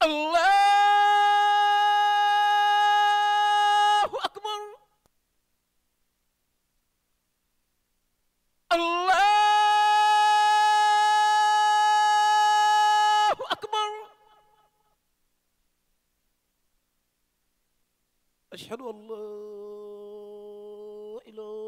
allahu akbar allahu akbar ashhadu an la ilaha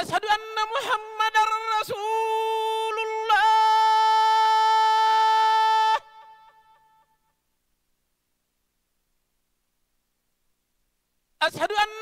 ashhadu anna muhammadan rasulullah ashhadu anna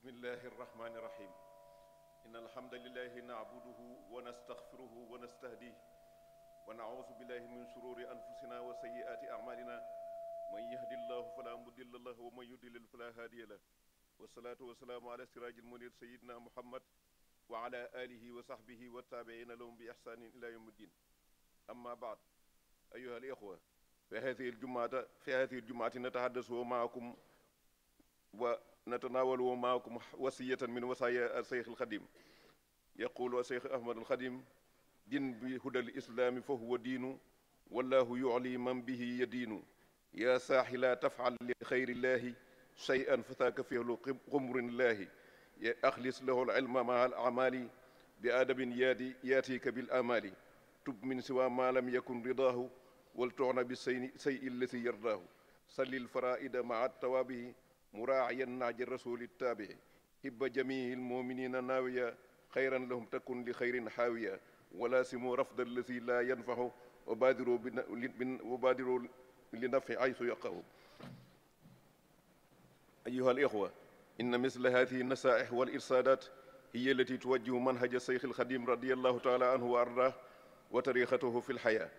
بسم الله الرحمن الرحيم إن الحمد لله نعبده ونستغفره ونستهديه ونعوذ بالله من شرور أنفسنا وسيئات أعمالنا من يهد الله فلا مضل له ومن يضلل فلا هادي له والصلاة والسلام على سراج المنير سيدنا محمد وعلى آله وصحبه والتابعين لهم بإحسان إلى يوم الدين أما بعد أيها الإخوة في هذه الجمعة في هذه الجمعة نتحدث معكم و نتناول معكم وصية من وصايا الشيخ الخديم يقول الشيخ أحمد الخديم دين بهدى الإسلام فهو دين والله يعلي من به يدين يا ساحي لا تفعل لخير الله شيئا فذاك فعل قمر الله أخلص له العلم مع الأعمال بأدب ياتيك بالآمال تب من سوى ما لم يكن رضاه ولتعنى بالسيء الذي يرضاه صل الفرائد مع التوابه muraaciya naaji rasuli taabi hibba jamihi lmuminina naawiya xayran lahum takun li xayrin xaawiya wala simu rafda allazi laa yanfaxu wa baadiru wa baadiru li nafi aysu yaqahu أيها الإخوة إن مثل هذه النصائح والإرشادات هي التي توجه منهج الشيخ الخديم رضي الله تعالى عنه وأرضاه وطريقته في الحياة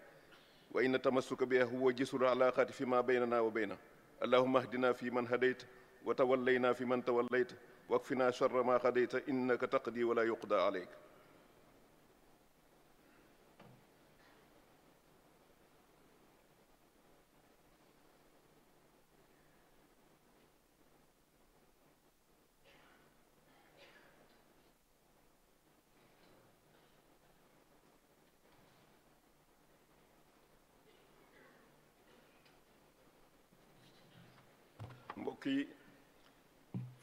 وإن التمسك بها هو جسر العلاقات فيما بيننا وبينه اللهم اهدنا فيمن هديت wa tawallayna fi man tawallayta wa akfinaa sharra maa qadayta innaka taqdi wa laa yuqdaa alayk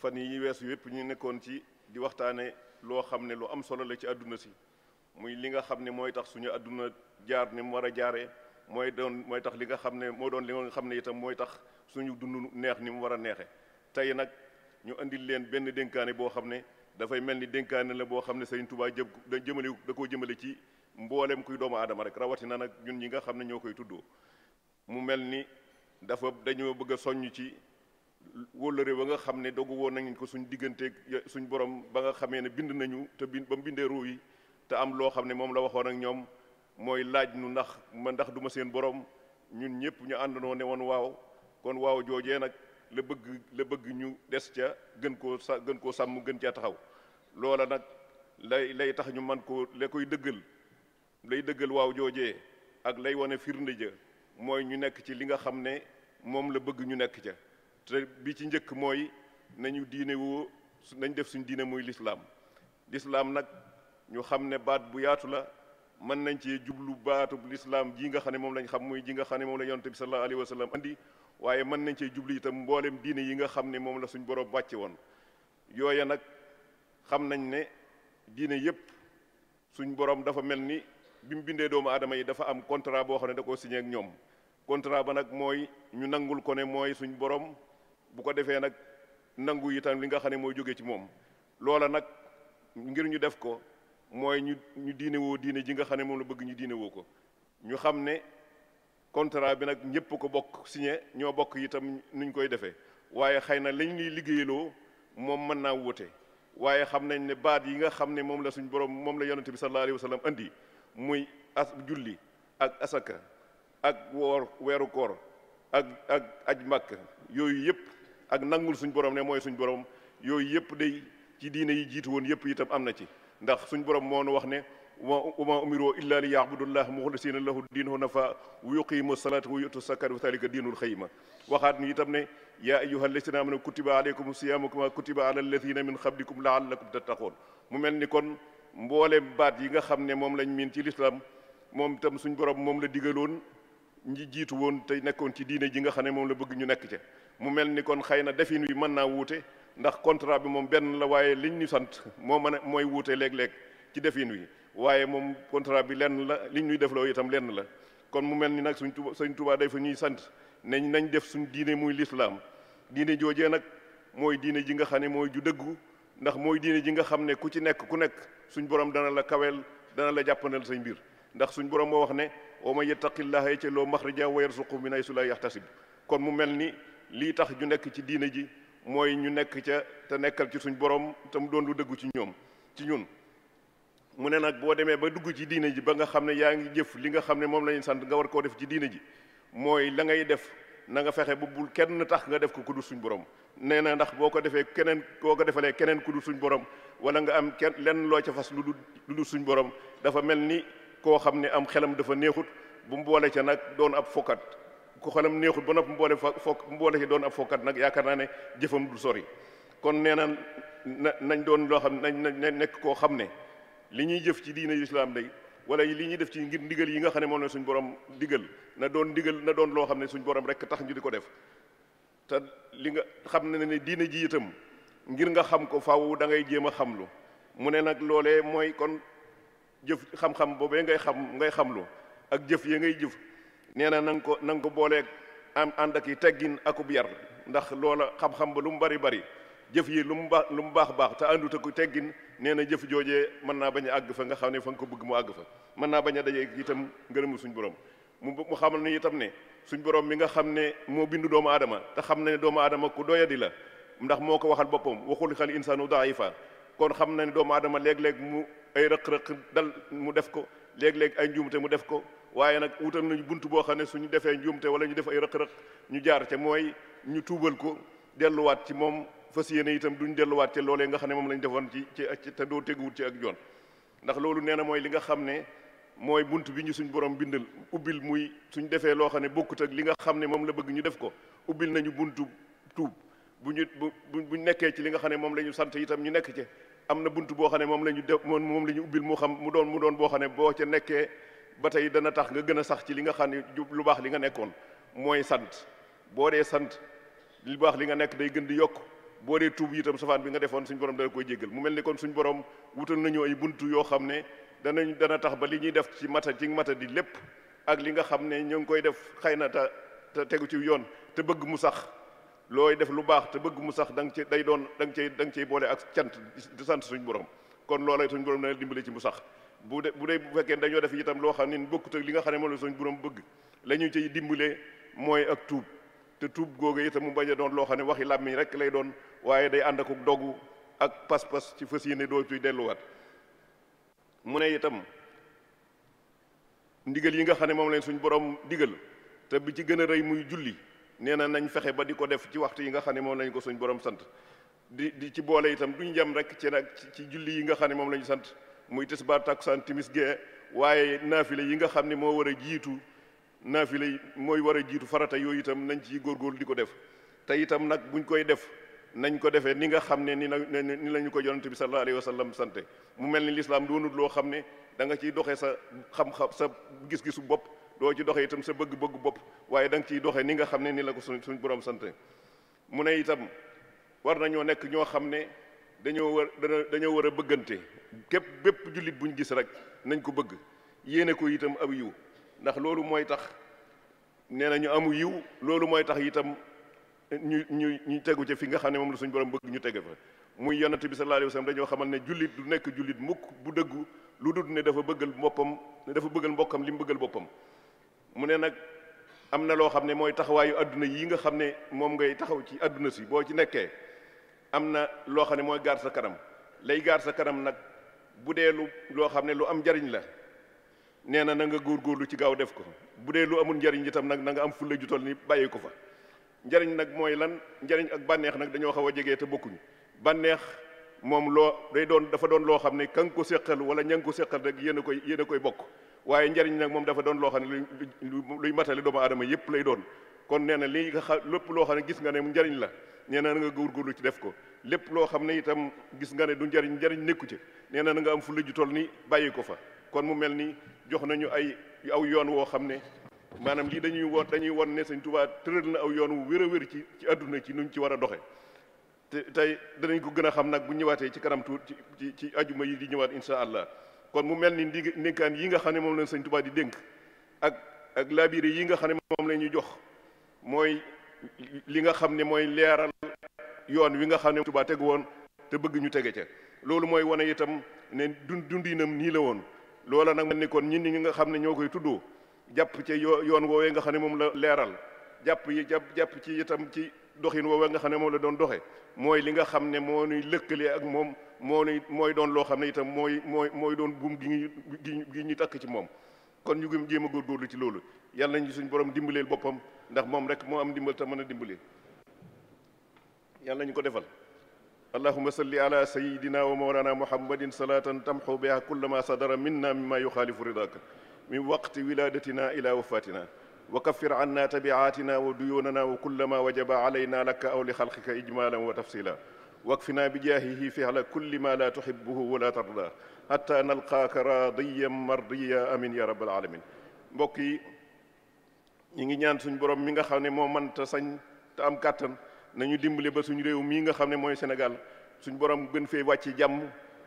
fan yi weesu yëpp ñu nekkoon ci di waxtaane loo xam ne lu am solo la ci àdduna si muy li nga xam ne mooy tax suñu àdduna jaar ni mu war a jaaree mooy doon mooy tax li nga xam ne moo doon li nga xam ne itam mooy tax suñu dund neex ni mu war a neexe tey nag ñu indil leen benn dénkaane boo xam ne dafay mel ni dénkaane la boo xam ne Sëriñ tubaa jëm da jëmale da koo jëmale ci mboolem kuy doomu aadama rek rawatina nag ñun ñi nga xam ne ñoo koy tuddoo mu mel ni dafa dañoo bëgg a soññ ci wóllëre ba nga xam ne dogu woon nañu ko suñ digganteeg suñ borom ba nga xamee ne bind nañu te bind ba mu bindee ruu yi te am loo xam ne moom la waxoon ak ñoom mooy laaj nu ndax ma ndax du ma seen borom ñun ñëpp ñu àndandoo ne woon waaw kon waaw joojee nag la bëgg la bëgg ñu des ca gën koo sa gën koo sàmm gën caa taxaw loola nag lay lay tax ñu man ko la koy dëggal lay dëggal waaw joojee ak lay wane firnde ja mooy ñu nekk ci li nga xam ne moom la bëgg ñu nekk ca te bi ci njëkk mooy nañu diine woo nañ def suñ diine muy lislaam lislaam nag ñu xam ne baat bu yaatu la mën nañ cee jublu baatub lislaam ji nga xam ne moom lañ xam muy ji nga xam ne moom la yonent bi sallallahu alayhi wa sallam andi waaye mën nañ cee jublu itam mboolem diine yi nga xam ne moom la suñ borom wàcce woon yooya nag xam nañ ne diine yépp suñ borom dafa mel ni bi mu bindee doomu aadama yi dafa am contrat boo xam ne da koo signé ak ñoom contrat ba nag mooy ñu nangul ko ne mooy suñ boroom bu ko defee nag nangu itam li nga xam ne mooy jóge ci moom loola nag ngir ñu def ko mooy ñu ñu diine woo diine ji nga xam ne moom la bëgg ñu diine woo ko ñu xam ne contrat bi nag ñëpp ko bokk siñe ñoo bokk itam nuñ koy defee waaye xëy na lañ ñuy liggéeyaloo moom mën naa wute waaye xam nañ ne baat yi nga xam ne moom la suñ borom moom la yonente bi sallallahu alayhi wa sallam muy as julli ak asaka ak woor weeru koor ak ak aj màkk yooyu yëpp ak nangul suñ borom ne mooy suñ borom yooyu yëpp day ci diina yi jiitu woon yëpp itam am na ci ndax suñ borom moo nu wax ne wama umiru illa li ya'budullah mukhlisina lahu diinu hunafa wa yuqimu salata wa yu'tu zakata wa dhalika diinul xayma waxaat ñu itam ne yaa ayyuhal lazina amanu kutiba alaykum siyamu kama kutiba ala allazina min qablikum la'allakum tattaqun mu mel ni kon mboolem baat yi nga xam ne moom lañ miin ci lislam moom itam suñ borom moom la digaloon ñi jiitu woon te nekkoon ci diine ji nga xam ne moom la bëgg ñu nekk ca mu mel ni kon xëy na defin wi mën naa wuute ndax contrat bi moom benn la waaye liñ ñu sant moo mën a mooy wuute léeg-léeg ci defin wi waaye moom contrat bi lenn la liñ ñuy defloo itam lenn la kon mu mel ni nag suñ tuba suñ tubaa day fa ñuy sant ne ñu nañ def suñ diine muy lislaam diine joojee nag mooy diine ji nga xam ne mooy ju dëggu ndax mooy diine ji nga xam ne ku ci nekk ku nekk suñ borom dana la kaweel dana la jàppandal say mbir ndax suñ borom moo wax ne wa man yattaqillaha ca loo maxrija wa yarzuqhu min haysu laa yaxtasib kon mu mel ni lii tax ñu nekk ci diina ji mooy ñu nekk ca te nekkal ci suñ borom te mu doon lu dëggu ci ñoom ci ñun mu ne nag boo demee ba dugg ci diina ji ba nga xam ne yaa ngi jëf li nga xam ne moom lañu sant nga war koo def ci diina ji mooy la ngay def na nga fexe ba bul kenn tax nga def ko ku dul suñ borom nee na ndax boo ko defee keneen boo ko defalee keneen suñ borom wala nga am kenn lenn loo ca fas lu dul lu suñ borom dafa koo xam ne am xelam dafa neexut bu mu boole ca nag doon ab fokkat ku xelam neexut ba noppi mu boole fa fokk mu boole ca doon ab fokkat nag yaakaar naa ne jëfam du sori kon nee na nañ doon loo xam nañ nañ nekk koo xam ne li ñuy jëf ci diine islam day wala li ñuy def ci ngir ndigal yi nga xam ne moom la suñ borom digal na doon ndigal na doon loo xam ne suñ borom rek tax ñu di ko def te li nga xam ne ne diina ji itam ngir nga xam ko faaw da ngay jéem a xamlu mu ne nag loolee mooy kon jëf xam-xam boobee ngay xam ngay xamlu ak jëf yi ngay jëf nee na na nga ko na nga ko booleeg am ànd ak i teggin akub yar ndax loola xam-xam ba lu mu bari bari jëf yi lu mu baax lu mu baax baax te àndut ak teggin nee na jëf joojee mën naa bañ a àgg fa nga xam ne fa nga ko bëgg mu àgg fa mën naa bañ a daje itam ngërëmu suñ borom mu mu xamal ni ne suñ borom mi nga xam ne moo bindu doomu aadama te xam na ne doomu aadama ku di la ndax moo ko waxal boppam waxul xal insaanu daifa kon xam na ne doomu aadama léeg-léeg mu ay rëq-rëq dal mu def ko léeg-léeg ay njuumte mu def ko waaye nag wutal nañu bunt boo xam ne su ñu defee njuumte wala ñu def ay rëq-rëq ñu jaar ca mooy ñu tuubal ko delluwaat ci moom fas yéene itam duñ delluwaat ci loolee nga xam ne moom lañ defoon ci ci te doo teguwut ci ak joon ndax loolu nee na mooy li nga xam ne mooy bunt bi ñu suñ borom bindal ubbil muy suñ defee loo xam ne bokkut li nga xam ne moom la bëgg ñu def ko ubbil nañu buntu tuub bu ñu bu bu nekkee ci li nga xam ne moom la ñu sant itam ñu nekk ci am na bunt boo xam ne moom la ñu def moom la ñu ubbil mu xam mu doon mu doon boo xam ne boo ca nekkee ba tey dana tax nga gën a sax ci li nga xam ne lu baax li nga nekkoon mooy sant boo dee sant lu baax li nekk day gën di yokk boo dee tuub itam safaan bi nga defoon suñ borom dana koy jéggal mu mel ni kon suñ borom wutal nañu ay bunt yoo xam ne danañ dana tax ba li ñuy def ci mata ci mata di lépp ak li nga xam ne ñu ngi koy def xëy na te te tegu ci yoon te bëgg mu sax looy def lu baax te bëgg mu sax da nga cay day doon da nga cay da nga boole ak cant sant suñ borom kon loola suñu borom dana dimbale ci mu sax bu dee bu dee bu fekkee dañoo def itam loo xam ne bokkut ak li nga xam ne moom la suñu borom bëgg la ñu dimbale mooy ak tuub te tuub googu itam mu bañ doon loo xam ne waxi làmmiñ rek lay doon waaye day ànd ak dogu ak pas-pas ci fas yéene doo ciy delluwaat mu ne itam ndigal yi nga xam ne moom lañ suñu borom digal te bi ci gën a rëy muy julli. nee na nañ fexe ba di ko def ci waxtu yi nga xam ne moom lañ ko suñ borom sant di di ci boole itam duñ jam rek ci nag ci julli yi nga xam ne moom lañu sant muy tisbaar takkusaan timis gee waaye naafile yi nga xam ne moo war a jiitu naafile yi mooy war a jiitu farata yooyu itam nañ ci góor di ko def te itam nag buñ koy def nañ ko defee ni nga xam ne ni la ni la ñu ko yonante bi sallallahu alayhi wa sallam sante mu mel ni lislaam doonut loo xam ne da nga ciy doxee sa xam-xam sa gis-gisu bopp doo ci doxe itam sa bëgg-bëgg bopp waaye danga nga ciy doxe ni nga xam ne ni la ko suñ suñ borom sant mu ne itam war ñoo nekk ñoo xam ne dañoo war dañoo war a bëggante képp bépp jullit bu ñu gis rek nañ ko bëgg yéene ko itam ab yiw ndax loolu mooy tax nee na amu yiw loolu mooy tax itam ñu ñu ñu tegu ca fi nga xam ne moom la suñu borom bëgg ñu tege fa muy yonent bi sallallahu alayhi wasallam dañoo xamal ne jullit du nekk jullit mukk bu dëggu lu d ne dafa bëggal boppam dafa bëggal mbokkam li mu bëggal boppam mu ne nag am na loo xam ne mooy taxawaayu àdduna yi nga xam ne moom ngay taxaw ci àdduna si boo ci nekkee am na loo xam ne mooy gaar sa kanam lay gaar sa kanam nag bu dee lu loo xam ne lu am njariñ la nee na na nga góorgóorlu ci gaaw def ko bu dee lu amul njariñ itam nag na nga am fulla ju toll ni bàyyi ko fa njariñ nag mooy lan njariñ ak bànneex nag dañoo xaw a jegee te bokkuñu bànneex moom loo day doon dafa doon loo xam ne kan ko seqal wala ña ko seqal rek yéen a koy yéen a koy bokk waaye njariñ nag moom dafa doon loo xam ne luy matali doomu aadama yépp lay doon kon nee na lii nga xam lépp loo xam ne gis nga ne mu njariñ la nee na nga góorgóorlu ci def ko lépp loo xam ne itam gis nga ne du njariñ njariñ nekku ci nee na nga am fu la ju toll ni bàyyi ko fa kon mu mel ni jox nañu ay aw yoon woo xam ne maanaam lii dañuy woon dañuy won ne Sëñ Tuubaa tëral na aw yoon wu wér a wér ci ci àdduna ci nuñ ci war a doxe te tey danañ ko gën a xam nag bu ñëwaatee ci kanam tuut ci ci ajuma yi di ñëwaat incha allah kon mu mel ni ndi ndénkaan yi nga xam ne moom lañ sëñ Tuubaa di dénk ak ak labiré yi nga xam ne moom la ñuy jox mooy li nga xam ne mooy leeral yoon wi nga xam ne Tuubaa teg woon te bëgg ñu tege ca loolu mooy wane itam ne dun dundinam nii la woon loola nag mel ni kon ñun ñi nga xam ne ñoo koy tuddoo jàpp ci yoon woowee nga xam ne moom la leeral jàpp yi jàpp jàpp ci itam ci doxin woowa nga xam ne moom la doon doxee mooy li nga xam ne moo nuy lëkkalee ak moom moo nuy mooy doon loo xam ne itam mooy mooy mooy doon buum gi ñu gi ñu takk ci moom kon ñu gëm jéem a ci loolu yàlla nañu suñ borom dimbaleel boppam ndax moom rek moo am dimbal te mën a dimbali yàlla nañu ko defal allahuma salli ala sayidina wa mawlana muhammadin salatan tamxu biha kulla ma sadara minna mimma yuxaalifu ridaka min waqti wiladatina ila wafatina wa kaffir anna tabi'atina wa duyuunana wa kulla ma wajaba alayna laka aw li xalqika ijmalan wa tafsila wakfina bi jaahihi fihla kulli ma la tuhibbuhu wa la tarda hatta nalqaaka radiyan mardiya amin ya rabbal alamin mbokk yi ñi ngi ñaan suñ borom mi nga xam ne moom mën sañ te am kàttan nañu dimbali ba suñu réew mii nga xam ne mooy senegal suñ borom gën fee wàcc jàmm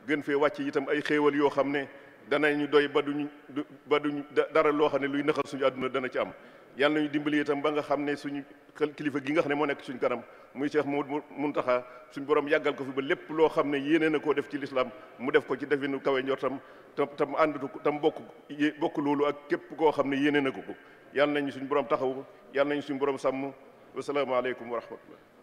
gën fee wàcc itam ay xéewal yoo xam ne ñu doy ba du duñu ba duñ dara loo xam ne luy naxal suñu àdduna dana ci am yàlla nañu dimbali itam ba nga xam ne suñu kilifa gi nga xam ne moo nekk suñu kanam muy Cheikh Mouhamadou Mountakha suñu borom yàggal ko fi ba lépp loo xam ne yéene na koo def ci lislaam mu def ko ci definu kawe njortam tam tam àndatu tam bokk bokk loolu ak képp koo xam ne yéene na ko ko yàlla nañu suñu borom taxaw yàlla nañu suñu borom sàmm wasalaamaaleykum wa rahmatullah